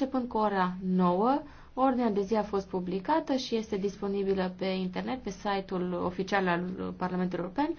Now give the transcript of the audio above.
Începând cu ora 9, ordinea de zi a fost publicată și este disponibilă pe internet, pe site-ul oficial al Parlamentului European.